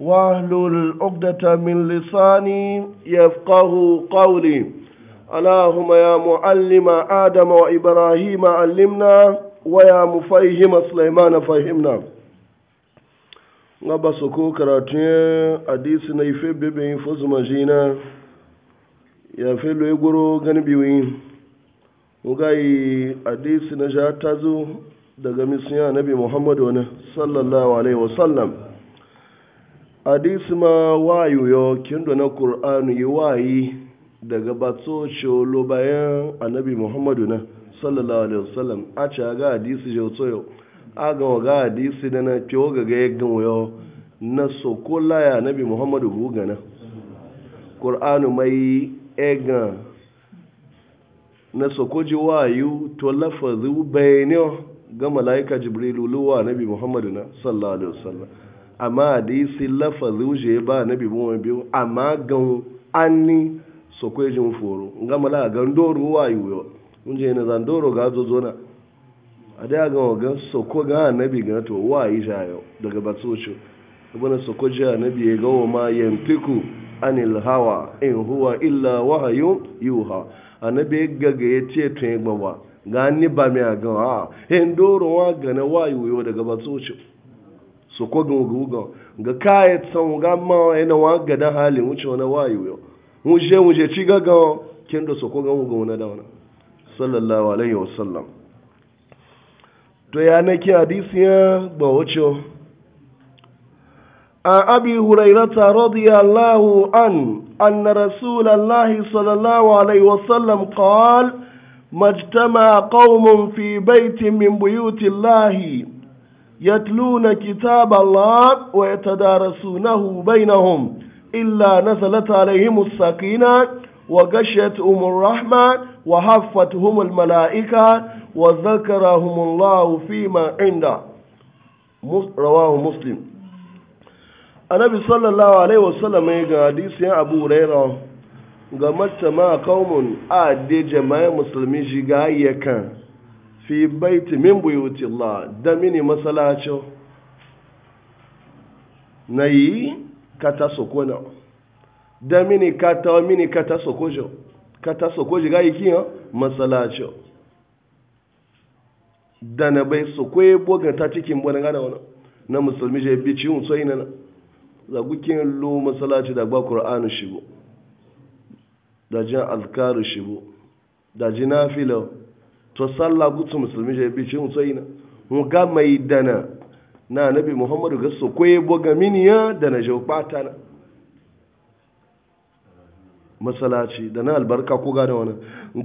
واهل عقدة من لساني يفقه قولي اللهم يا معلم آدم وإبراهيم علمنا ويا مفهم سليمان فهمنا ngaba su ko karatun hadisi na ife bebe fuzu majina ya fi lo goro gani biyu ugayi hadisi na ja tazo daga misiya nabi muhammadu wani sallallahu alaihi wasallam hadisi ma wayo yo kindo na qur'anu yi wayi daga batso cholo bayan annabi muhammadu na sallallahu alaihi wasallam a ci ga hadisi je tsoyo a ga ga hadisi da na fiyo ga ga yaggan yo na sokola ya annabi muhammadu guga na qur'anu mai ega na sokoji wayu to lafazu bayaniyo ga malaika jibrilu luwa annabi muhammadu na sallallahu alaihi wasallam amma hadisi lafazi wuce ba na bibin wani biyu amma gan anni so kwe jin foro nga mala gan doro wa yuyo unje na zan doro ga zo zona a da gan gan so ko ga annabi ga to wa yi jayo daga batsocho ibn so ko ji annabi ga wa ma yantiku anil hawa in huwa illa wahyu yuha annabi ga ga yace to gbawa ga ni ba mi ga ha hen doro wa ga na yi yuyo daga batsocho su kogin ruga ga kaya tsan ga ma ina wa ga da halin wuce wani wayo yau mu je mu je ci gaga kin da su kogin ga wani da wani sallallahu alaihi wa to ya na ki hadisi ya ba wuce a abi hurairata radiyallahu an anna rasulullahi sallallahu alaihi Wasallam sallam qala majtama qaumun fi baitin min buyuti يتلون كتاب الله ويتدارسونه بينهم إلا نزلت عليهم السكينة وغشتهم الرحمة وحفتهم الملائكة وذكرهم الله فيما عنده رواه مسلم النبي صلى الله عليه وسلم حديث أبو هريرة ga matama kaumun a da jama'ai musulmi shiga yakan fi baiti min buyuti Allah da mini masalacin na yi kata sokona da mini kata mini kata sokojo kata sokojo ga yi kiyan masalacin da na bai sokwe bogan ta cikin wani gada wani na musulmi je bi ciwon sai na zagukin lo masalaci da gba ƙura'anu shigo da jin alkaru shigo da ji na filo to sallah gutsu musulmi shi bi cin tsayi na mu ga mai dana na nabi muhammadu ga so koye boga miniya da na jau bata na masalaci da na albarka ko gane wani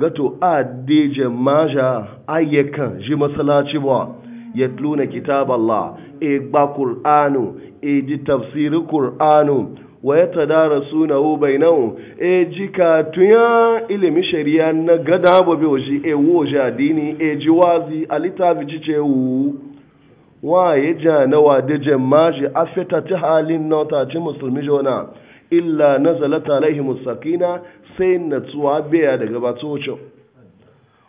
ga to a deje maja ayyukan ji masalaci ba yatluna kitab Allah e ba Qur'anu e ji tafsirin Qur'anu wa ya tadara suna hu bai nan e ji katuya ilimin shari'a na gada bobe waje e wo jadini e ji wazi alita ji ce wu wa ya ja na wa da jemma ji afeta ta halin ta ci musulmi jona illa nazalata alaihi musakina sai natsuwa biya daga batocin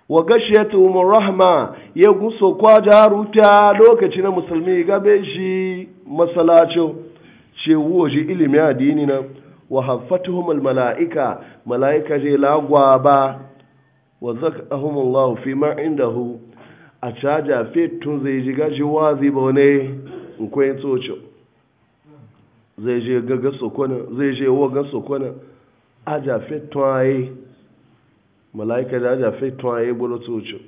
wa gashiyatu murahma ya guso kwaja ruta lokaci na musulmi gabe shi masalacin cewo shi ilimin addini na wa haffatuhum mala'ika mala'ika je lagwa ba wa zakahum Allah fi ma indahu a caja fetun zai ji gaji wazi ba ne in kwaye tsoci zai je gaga sokona zai je ga sokona a ja fetun aye mala'ika da ja fetun aye bolo tsoci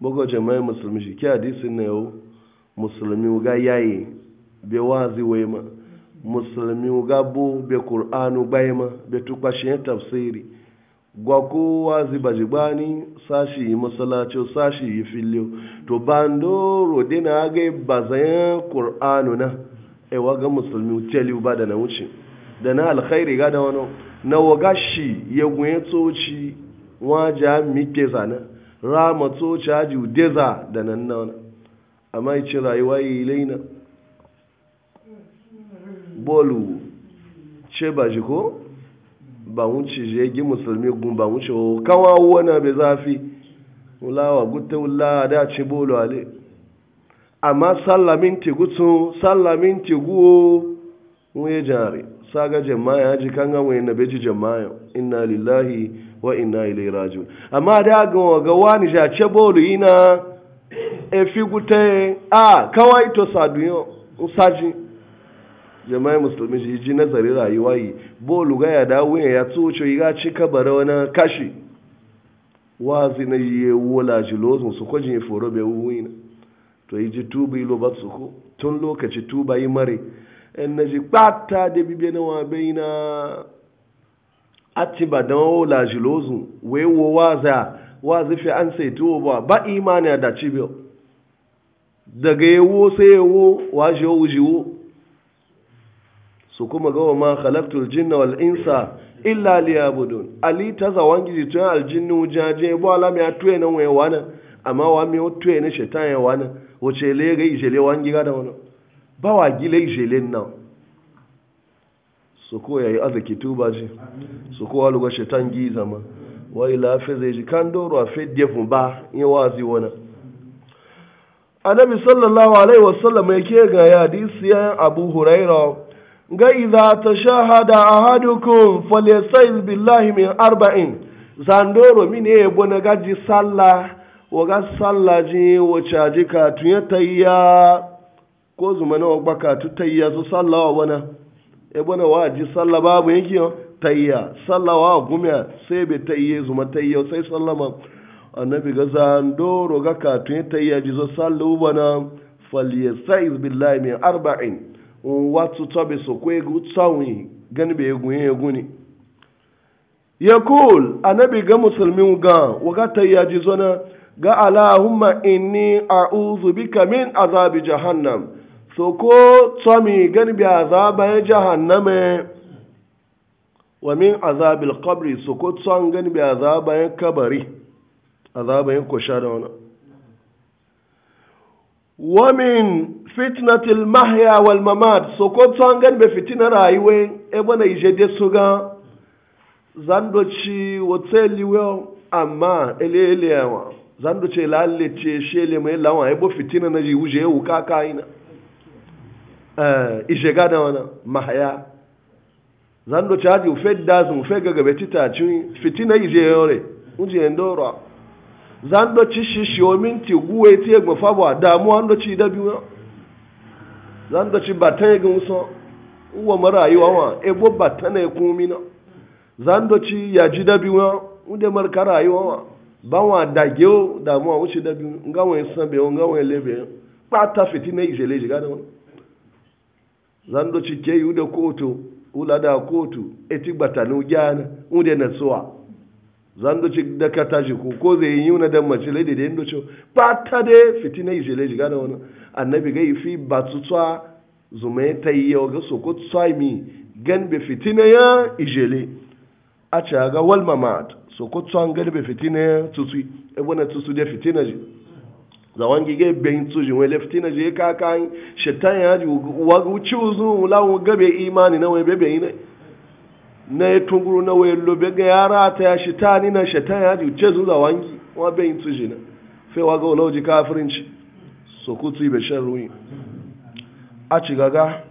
bugo jama'i musulmi shi ke hadisin na yau musulmi ga yayi be wazi wai ma musulmi gabo be qur'anu gbayma be tukwashin tafsiri gwa wa ziba jibani sashi yi masalaci sashi yi filiyo to bandoro na ga bazan qur'anu na e waga musulmi teli ba da na wuce da na alkhairi ga da wani na waga shi ya gwenye tsoci waja mike zana rama tsoci aji deza da nan na wani amma yi ci rayuwa yi ilaina bolu ce ba shi ko ba wuce je gi musulmi gun ba wuce o kawa wona be zafi ulawa gutta ula da ce bolu ale amma sallamin ti gutsu sallamin ti guwo wuye jare saga jama'a ya ji kan gawa na ji jama'a inna lillahi wa inna ilaihi raji'un amma da ga ga wani ja ce bolu ina e fi gute a kawai to saduyo usaji jama'i musulmi shi ji nazari rayuwa yi bo luga ya dawo ya tsoce yi ga ci kabara wani kashi wazi na yi wola ji lozun su kwaji ya foro bai wuyi na to yi ji tuba yi lobat su ko tun lokaci tuba yi mare yan na ji kpata da bibiya na wa bai na ati ba da wola ji lozun wai wo waza wazi fi an sai tuwo ba ba imani da cibiyar daga yawo sai yawo wa shi yawo su kuma wa ma khalaqtul jinna wal insa illa liyabudun ali ta zawangi ji tun aljinnu jaje bo ala mi atuye na we wana amma wa mi otuye na shetan ya wana wace le ga ijele wangi ga da wana ba wa gile ijele na su ko yayi azaki tuba ji su ko aluga shetan gi zama wa ila fe zai ji kan ro a fe defun ba in wazi wana annabi sallallahu alaihi wasallam yake ga hadisi ya abu hurairah ga iza ta shahada a hadukun falisail billahi min arba'in zandoro ne ya e na gaji salla ga salla ji wace ji katun ya tayya ko zuma na wagba katu tayya su salla wa wana ya e bona wa ji salla babu yanki yau tayya salla wa gumiya sai bai tayye zuma tayya sai sallama annabi ga zandoro ga katu ya tayya ji zo salla wa wana falisail billahi min arba'in watu tobe so kwegu tsawin gani be yegun yegun ne yakul anabi ga musulmin ga wagata ya ji zona ga allahumma inni a'udhu bika min azabi jahannam so ko tsami gani be azaba ya jahanname wa min azabil qabri so ko tsan gani be azaba ya kabari azaba ya kosha da wannan wamin fitnatil mahya wal mamat so ko tsangan be fitina suga zando ci woteli we zan doci shi shiwo minti guwe ti egbe fabo damuwa an doci da biyu zan doci bata ya gun so uwa mara yi wawa ebo bata na ekun mina zan doci ya ji da biyu unde mar kara yi wa ba wa dage o damuwa wuce da biyu nga wani sanbe o nga wani lebe fiti na izele ji gada wani zan doci ke yi ude kotu ula kotu eti gbata ni ujana na zando ci da ta shi ko ko zai yi na dan mace lai da yando ba ta da fitina yi jele jiga wani annabi ga yi fi batutsa zume ta yi yau ga so ko mi gan be fitina ya ijele a ce ga wal mamat so ko tsan gan be fitina ya tutu ebe na tutu da fitina ji wangi ga ben tuji wele fitina ji e ka kan shetan ya ji wa uci uzu lawo gabe imani na wai bebe ne na ya tunguru na waye lobe ga yara ta ya shi ta ni na shaitan ya ji ce zuwa wangi wa bai yin tuji na fai wa ga ulauji kafirinci so ku tuyi bai shan ruwi a ci gaga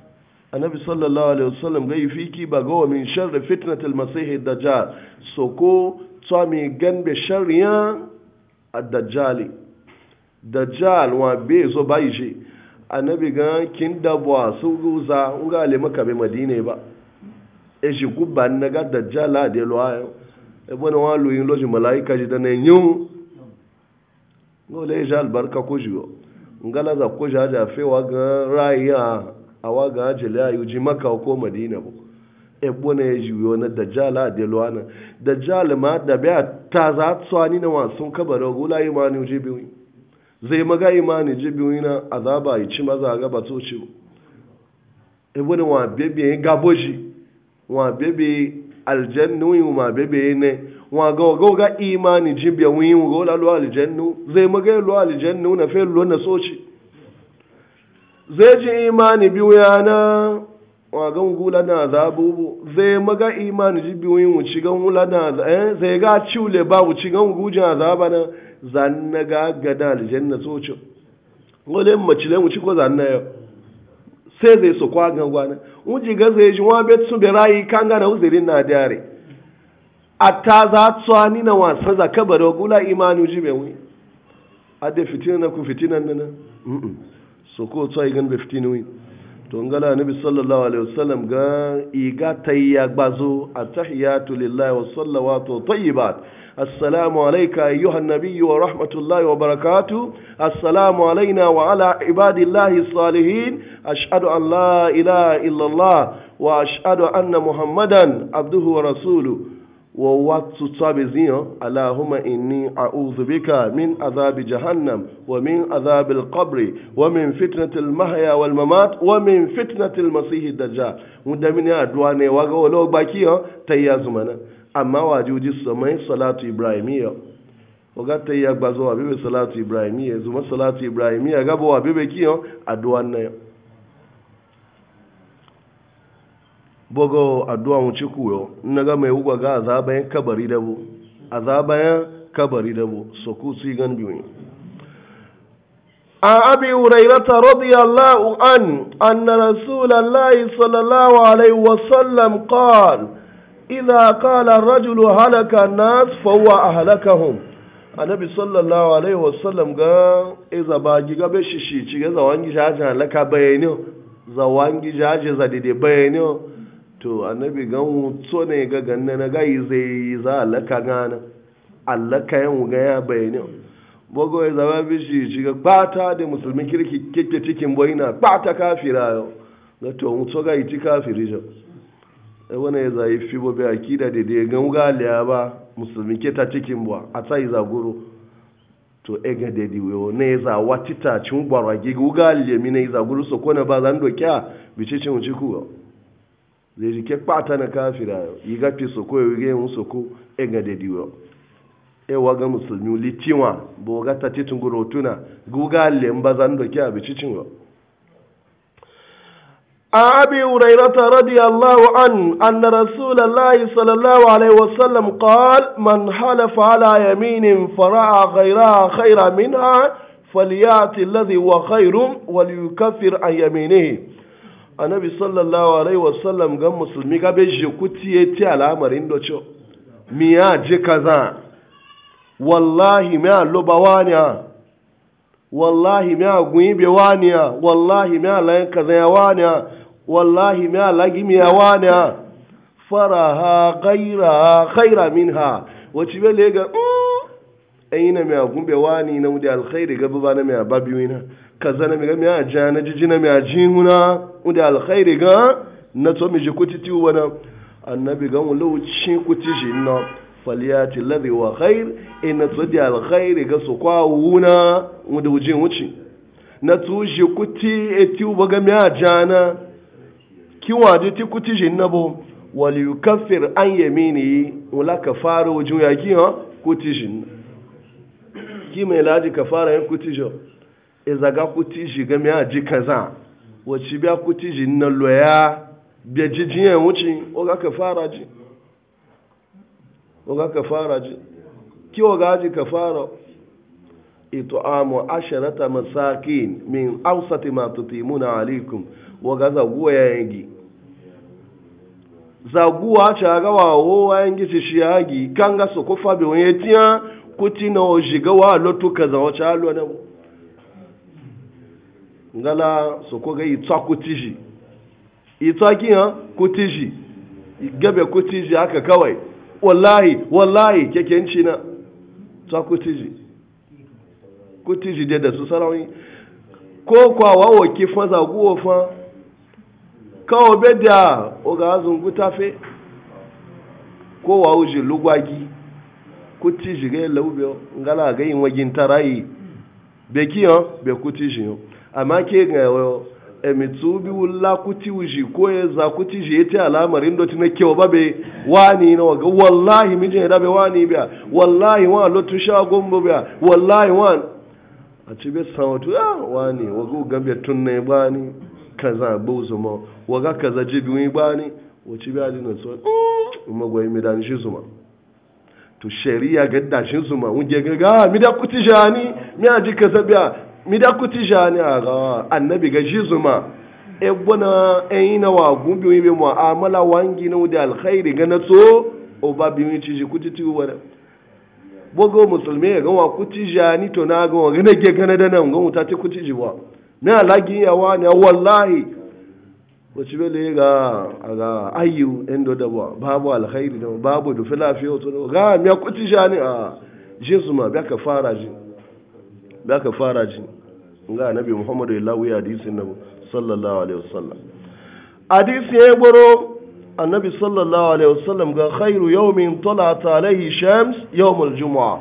annabi sallallahu alaihi wasallam ga fiki ba ga wa min sharri fitnatil masihi dajjal so ko mai gan shan riya A dajjali dajjal wa be zo bai shi annabi ga kin dabuwa su guza unga le maka madina ba eji guba na ga dajjala da lo ayo e bona wa lu yin loji malaika ji da ne nyu ngo le ja albarka ko jiyo ngala za ko ja fe wa ga raya awa ga ajele ayu ji maka ko madina bo e bona e jiyo dajala dajjala da lo ana dajjal ma da ba ta za tsani na wa sun kabaro gula imani ji biwi zai maga imani ji biwi na azaba yi ci maza ga ba to ci e bona wa bebe ga boji wa bebe aljannu yi ma bebe ne wa ga ga ga imani jibiya wi ga la lo aljannu zai maga lo aljannu na fe lo na soci zai ji imani biyu na? wa ga ngula na azabu zai maga imani jibiya wi mu ci ga ngula na eh zai ga ciule ba mu ci ga ngujin azaba na zanna ga ga na aljanna soci ngole mace ci le mu ci ko zanna yau sai zai so kwa gangwana wuji ga zai ji wabe sun bai rayu kan gana uzirin na dare a ta za su ni na wasan za ka bari gula imanu ji bai wuyi a da fitina na ku fitina nan na so ko tsuwa gan bai fitina wuyi tungala nabi sallallahu alaihi wasallam ga iga tayya gbazo attahiyatu lillahi was salawatu tayyibat assalamu alayka ayyuha an-nabiy wa rahmatullahi wa barakatuh assalamu alayna wa ala ibadillahi salihin ashhadu an la ilaha illallah wa ashhadu anna muhammadan abduhu wa rasuluhu wa watu tsabe ziyan allahumma inni a bika min azabi jahannam wa min azabi al wa min fitnati al-mahya wal mamat wa min fitnati al-masih ad-dajjal mudamin ya addu'a ne waga wala baki yo tayya zumana amma wajuji samai salatu ibrahimiyya waga tayya gbazo wa bibe salatu ibrahimiyya zuma salatu ibrahimiyya gabo wa bibe kiyo addu'a ne bugo addu'a mu ci kuyo naga mai wuga ga azabayan kabari da bu azabayan kabari da bu so ku si gan biwi a abi urairata radiyallahu an anna rasulallahi sallallahu alaihi wa sallam qal idha qala ar-rajul halaka an-nas fa huwa ahlakahum annabi sallallahu alaihi wa sallam ga iza e ba giga be shishi ci ga zawangi jaje halaka bayani zawangi jaje zadide bayani to annabi gan so ne ga ganna na gai zai za alaka gana alaka yan wuga ya bayani bogo ya zama bishi ga kwata da musulmi kirki kike cikin boina kwata kafira yau ga to so ga iti kafiri jo e wani ya zai fi bobe akida da da gan ga liya ba musulmi ke ta cikin bo a tsayi za guru to e ga da o ne za ta cin gwarwa gi ga liya mi ne za guru so kona ba zan dokiya bice cin ciku zai jike kpata na kafira yau yi gafi soko ya wige yin soko e ga da diwo e wa ga musulmi litiwa bo ga ta titun gurotuna guga lemba zan doke a bici cinwa a abi hurairata radiyallahu an anna rasulullahi sallallahu alaihi wasallam qala man halafa ala yaminin fara'a ghayra khayra minha falyati alladhi wa khayrun wa liyukaffir an yaminihi annabi sallallahu alaihi wasallam ga musulmi ga be je kuti, ti al'amarin da cewa mi ya je kaza wallahi mi a loba wani wallahi mi a gwibe wani wallahi mi a layan kaza ya wani wallahi mi a lagimi ya wani faraha ghaira khaira minha be le ga mm, ina mi a gumbe wani na mu da alkhairi ga ba na mi a babiwina kaza na mi ga mi a jana jijina mi a jihuna da alkhairi ga na to mi je ti wana annabi ga mu lawu kuti kutiji na faliyati ladhi wa khair in e to di alkhairi ga su kwa wuna mu da wujin wuci na to je kuti eti u baga mi ajana ki wa je ti kutiji na bo wal yukaffir an yamini wala kafaru wujin ya ki ha kutijin ki mai laji kafara yin kutijo kuti e kutiji ga mi aji kaza wacce biya kuti ji na loya biya jijiyan wuce oga ka fara ji oga ka fara ji ki oga ji ka fara ito amu asharata masakin min ausati ma tutimuna alaikum waga zaguwa ya yangi zaguwa ci aga wawo wa yangi shi yagi kan ga su kufa bi wani kuti na ngala soko ga itswa kutiji itswa kiyan kutiji gabe kutiji haka kawai wallahi wallahi kekenci na tswa kutiji kutiji da su sarawin ko awa wawo ki faza guwo fa kawo be da oga azungu tafe ko wawo ji lugwagi kutiji ga laube ngala ga yin wagin tarayi be kiyan be kutiji yau amma ke ga emitsubi eh, wula kuti wuji kuti ji ya ta alamar indo tina kewa babe wani na waga wallahi mijin ya dabe wani biya wallahi wa lotu sha gombo biya wallahi wa a ci bai samatu ya ah, wani waga gambe tun na ya bani kaza bozo ma waga kaza jibi wani bani wace biya ji na tsohon mm, magwai mai da shi zuma to shari'a ga dashin zuma wunge gaga ah, mi da kuti jani mi a ji kaza biya midakuti jani aga annabi ga jizuma egbona eyina wa gumbi wi be mu'amala wangi no de alkhairi ga natso o ba bi mi ciji kuti ti wara bogo musulmi ga wa kuti jani to na ga ga ne ge ga na dana ga muta ti kuti jiwa me alagi ya wa ne wallahi ko ci bele ga aga ayu endo da ba babu alkhairi no babu du filafiyo to ga mi kuti jani a jizuma ba ka fara jini da aka fara ji ga annabi muhammadu ya lawuya hadisin na sallallahu alaihi wasallam hadisi ya gboro annabi sallallahu alaihi wasallam ga khairu yawmin talat alaihi shams juma'a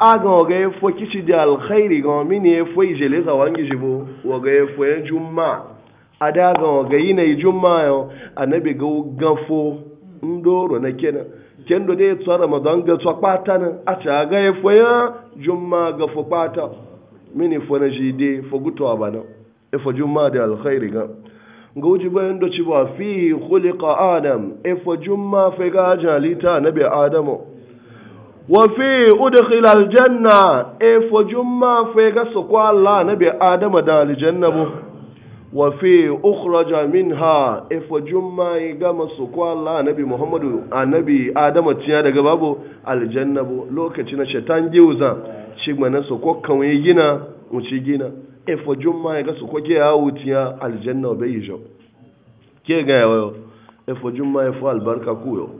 a aga oga ya fo kici da alkhairi ga mini ya fo jele za wangi jibo oga ya fo yan juma ada ga oga yi na juma yo annabi ga gafo ndoro na kenan kendo dai tsara madan ga tsakpata nan a ta ga ya fo juma ga fo kpata mini ji shi dai fagutuwa abana E fo juma da alkhairi ga ga wuce bayan da ci ba fi khuliqa adam e fo juma fe ga jalita nabi adamu wa fi janna e fo juma fa ga so kwa Allah nabi adamu da aljanna wafe ukhraja minha ifo jummai gama su kwalla annabi muhammadu annabi adama tiya daga babu aljannabu lokaci na shaitan giuza shi mana su kokkan wani gina uci gina ifo jummai ga su koke ya wutiya aljanna bai yi jau ke ga yawo ifo jummai fo albarka kuyo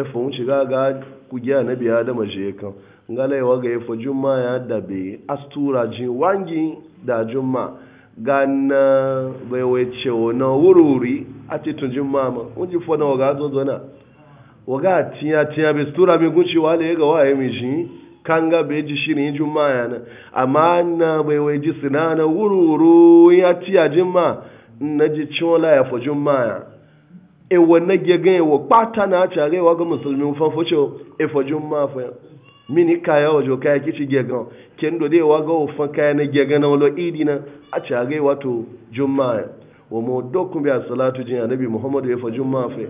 ifo wuce ga ga ku giya annabi adama je kan ngala yawa ga ifo jummai ya dabe astura jin wangi da jummai gana bai wace wani wuri-wuri a titin jin mama unji fona waga zozo na waga tiya tiya bai tura mai gunci wale ya ga waye mai shi kan ga bai ji shi ne jin ma ya na amma na bai wai ji sina na wuri-wuri ya tiya jin ma na ji cin ya fa jin ma ya e wannan gegan ya wa kpata na a carewa ga musulmi fanfashe e fa jin ma fa mini kaya wajo kaya kici gegan ken do dai wa ga ofan kaya na gegan na wala idi na a ci agai wato juma'a wa mo dokun bi salatu jin annabi muhammadu ya fa juma'a fe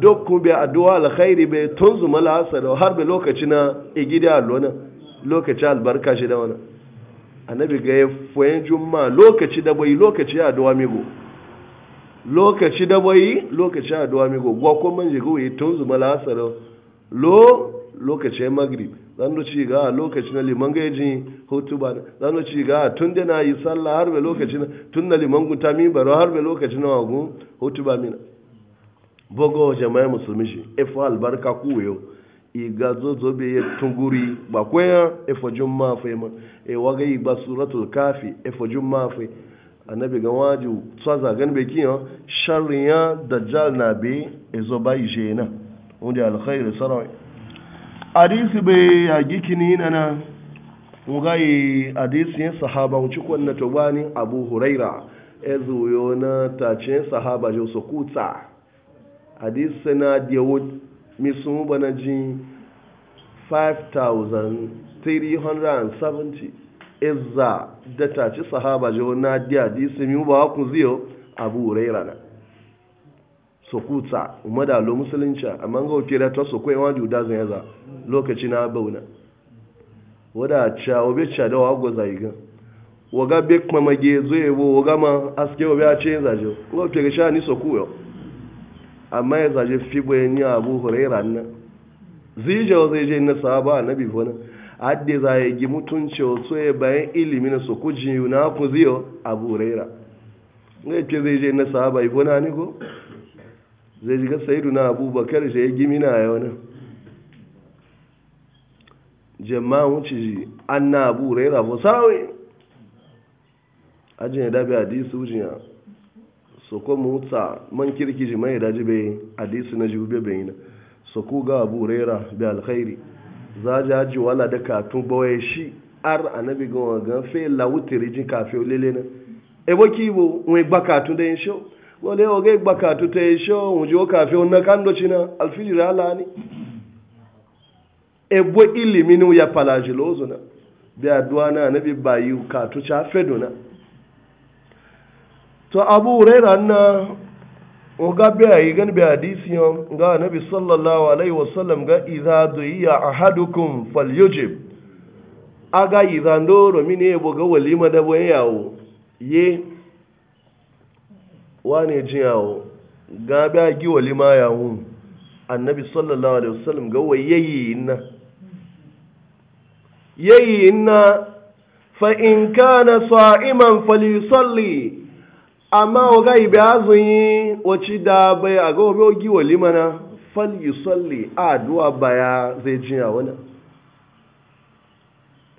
dokun bi addu'a alkhairi be tunzu mala asara har be lokaci na igidi allona lokaci albarka shi da wani annabi ga ya foyen juma'a lokaci da bai lokaci addu'a migo lokaci da bai lokaci addu'a migo gwa ko manje go yi tunzu mala asara lo lokacin magrib zan ci ga lokacin liman gajin hutu ba zan ci ga tun da na yi sallah har lokacin tun da liman guta min baro har lokacin na wagu hutu ba min bogo jama'a musulmi shi ifo albarka kuwayo iga zozo be ya tunguri ba kwaya ifo juma fe ma e waga ba suratul kafi efa jumma fe annabi ga waju tsaza gan be kiyo sharriya dajjal na be ezo ba yije na wanda alkhairu sarai hadisi bai na kini nana mugaye hadisi yin sahaba wuce to tobani abu huraira ya zuyo na tace sahaba jau su kuta hadisi na diyawo misun bana ji 5370 izza da tace sahaba jo na diya hadisi mi ba ku ziyo abu huraira na sokuta umada lo musulunci amma ga oke da ta sokoi wa juda zan yaza lokaci na bauna wada cha obe cha da wago zaiga waga be kuma mage zoye wo waga ma aske obe a ce zaje Kuma ke ga sha ni sokuyo amma ya zaje fibo ya ni abu huraira na. zije wa je na sahaba annabi fona adde za ya gi mutunci o ya bayan ilimi na sokuji na ku ziyo abu huraira ngai ke je na sahaba ifona ni ko zai shiga sayidu na abubakar shi ya gimi na yau nan jama'a wuce an na abu raira ba sawe ajin ya dabe hadisi wujiya so ko mutsa man kirki ji mai daji bai hadisi na jibu bai na so ku ga abu raira bai alkhairi za ji haji wala da katun bawai shi ar anabi ga wagan fe lawutiri jin kafe lele na ebo kibo wani katun da yin shi wale oge gbaka tuta ya sho wuji o kafi wannan kando cina alfili rala ne ebo iliminu ya palajilozo na bi aduwa na bi bayi ka tuca na to abu huraira na oga bi ayi gan bi hadisi yon ga nabi sallallahu alaihi wasallam ga idza du'iya ahadukum falyujib aga idha ndoro mini ebo ga walima da yawo ye wane ji yawo ga ba giwa lima yawo annabi sallallahu alaihi wasallam ga wayayi inna yayi inna fa in kana sa'iman salli amma o ga ibe azun wace da bai a ga obi ogi wali mana falyusalli adwa baya zai ji yawo na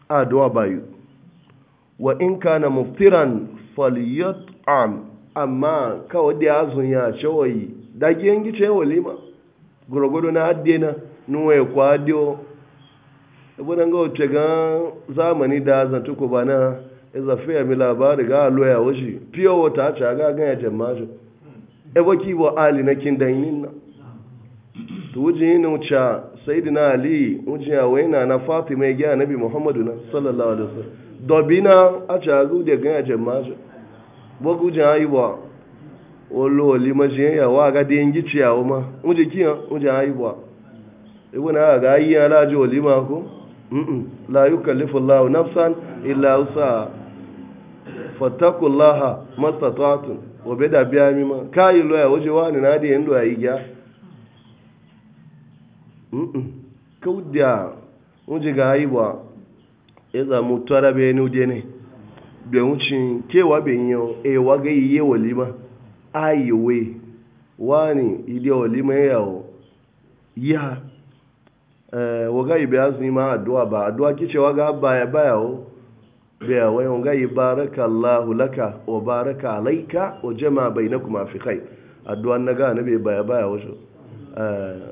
adwa bayu wa in kana muftiran falyat'am amma kawai da ya zunya cewayi da ki yanki ce walima gurgudu na hadde na nuwa ya kwadiyo ibu nan gawa ce gan zamani da zantu ko ba na iza fiya mi labari ga loya washi fiye wata ce ga gan ya jemma shi ibu ki bo ali na kin dan yin na to wujin yin wuce sayidina ali wujin ya waina na fatima ya gya nabi muhammadu na sallallahu alaihi wasallam dobina a ce ga gan ya jemma bogu jin aibuwa olo oli majiyan yawa ga da yangi ciyawa ma uje kiya uje aibuwa ibu e na ga yi ya laji oli ma ko la yukallifu Allahu nafsan illa wusa fattakullaha mastata'tum wa wabeda biya mi ma kai loya waje wani na da yando ayi gya kaudiya uje ga aibuwa ya e zamu tara bayani uje ne wucin kewa benyo e waga iye wa walima ayiwe wani ile walima yawo ya uh, waga sun yi ma addu'a ba addu'a kice waga baya baya o baya wai waga ibarakallahu laka wa baraka alayka wa jama bainakuma fi khair addu'a naga nabi baya baya wajo uh,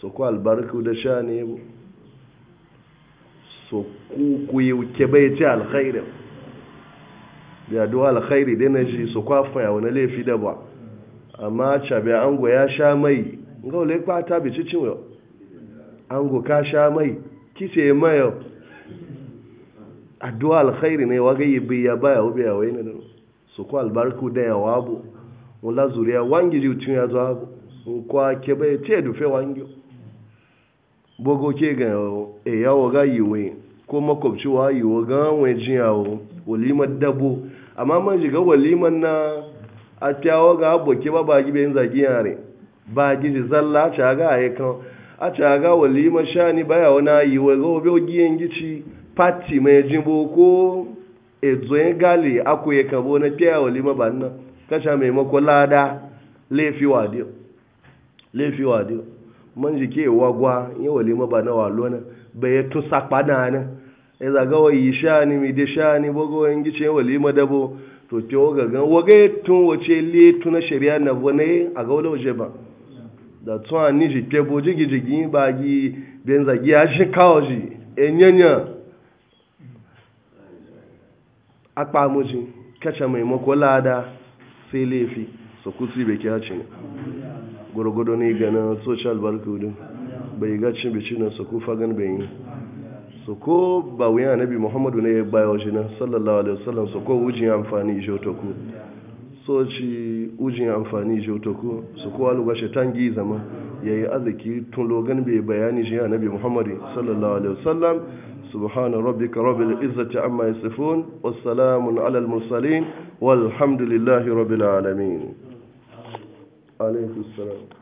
so ko albarku da sha shani so ku ku yi ke bai ci alkhairin da duwa alkhairi dai na shi su kwafa ya wani laifi da ba amma cabe ango ya sha mai ga wale kwata bi ci yau ango ka sha mai kice mayo addu'a alkhairi ne wa gayi bi ya baya ubi ya wayna da su ko albarku da ya wabu wala zuriya wangi ji tun ya zo abu kwa ke bai ce du fe wangi bogo ke ga e yawo gayi we ko makwabci wa yi wa ga wani jiyawo walimar dabo amma man shiga waliman na a tiyawa ga aboki ba bagi bayin zagi yare ba gidi zalla a caga a yi kan a caga waliman shani baya wani yi wa ga obi ogiyen gici pati mai jimbo ko ezoyin gali aku ya kabo na tiyawa walima ba nan kasha maimako lada laifi wa dio laifi wa dio man jike wagwa yi walima ba na walona bai ya tusa kpana nan ya zaga wa yi ni mi de shani bogo yin gice walima dabo to te waga gan waga tun wace le tun shari'a na ne a ga wala waje ba da tun an ni ji ke boji gijigi ba gi ben zagi ya shi kawo ji enyanya akpa ji kacha mai mako lada sai laifi su kusi bai kya cin gwargwado ne ganin social barcode bai ga cin bicinin su kufa gan bai yi su ko ba wuyan annabi muhammadu ne ya bayo shi na sallallahu alaihi wasallam su ko wujin amfani shi otoku so ci wujin amfani shi otoku su ko aluga shi tangi zama ya yi arziki tun logan bai bayani shi annabi muhammadu sallallahu alaihi wasallam سبحان ربك رب العزة amma يصفون Wa salamun alal والحمد لله رب العالمين عليكم السلام